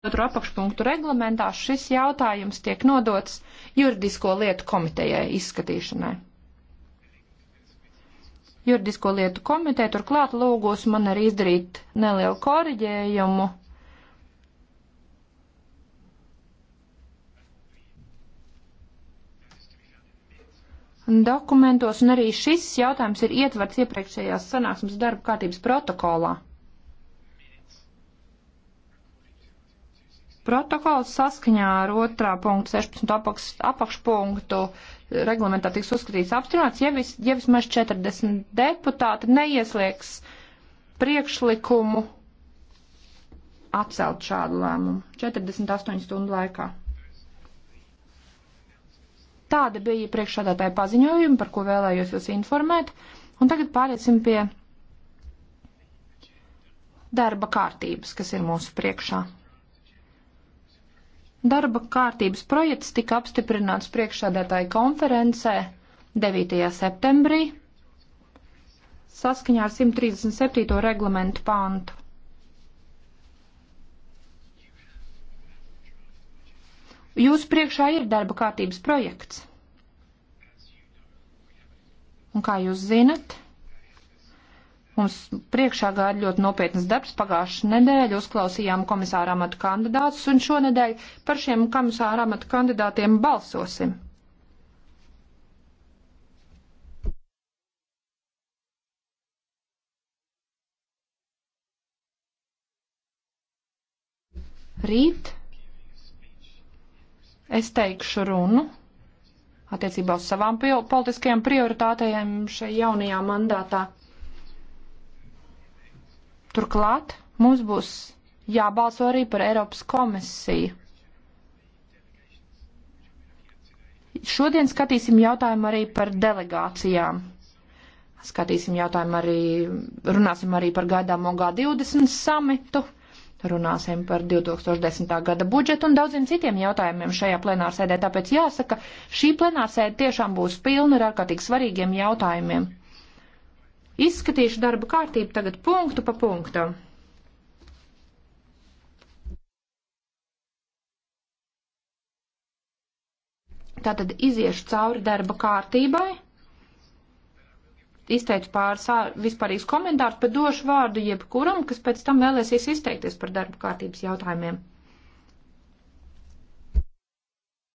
otru apakšpunktu reglamentā šis jautājums tiek nodots juridisko lietu komitejai izskatīšanai. Juridisko lietu komiteja turklāt lūgos man arī izdarīt nelielu koriģējumu. Dokumentos un arī šis jautājums ir ietverts iepriekšējās sanāksmes darba kārtības protokolā. Protokols saskaņā ar 2. punktu 16. Apakš, apakšpunktu reglamentā tiks uzskatīts apstiprināts, ja, vis, ja vismaz 40 deputāti neiesliegs priekšlikumu atcelt šādu lēmumu 48 stundu laikā. Tāda bija priekšādātāja paziņojuma, par ko vēlējos jūs informēt, un tagad pāriesim pie darba kārtības, kas ir mūsu priekšā. Darba kārtības projekts tika apstiprināts priekšsādātāja konferencē 9. septembrī saskaņā ar 137. reglamentu pāntu. Jūsu priekšā ir darba kārtības projekts. Un kā jūs zinat? Mums priekšā gāja ļoti nopietnas darbs. Pagājušā nedēļa uzklausījām komisāra amatu kandidātus, un šonedēļ par šiem komisāra amatu kandidātiem balsosim. Rīt es teikšu runu attiecībā uz savām politiskajām prioritātēm šajā jaunajā mandātā. Turklāt mums būs jābalso arī par Eiropas komisiju. Šodien skatīsim jautājumu arī par delegācijām. Skatīsim jautājumu arī, runāsim arī par gaidāmo G20 samitu, runāsim par 2010. gada budžetu un daudziem citiem jautājumiem šajā plenārsēdē. Tāpēc jāsaka, šī plenārsēde tiešām būs pilna ar ārkārtīgi svarīgiem jautājumiem. Izskatīšu darba kārtību tagad punktu pa punktam. Tātad iziešu cauri darba kārtībai, izteicu pāris vispārīgs komentārus, bet došu vārdu jebkuram, kas pēc tam vēlēsies izteikties par darba kārtības jautājumiem.